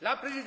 La Presidente.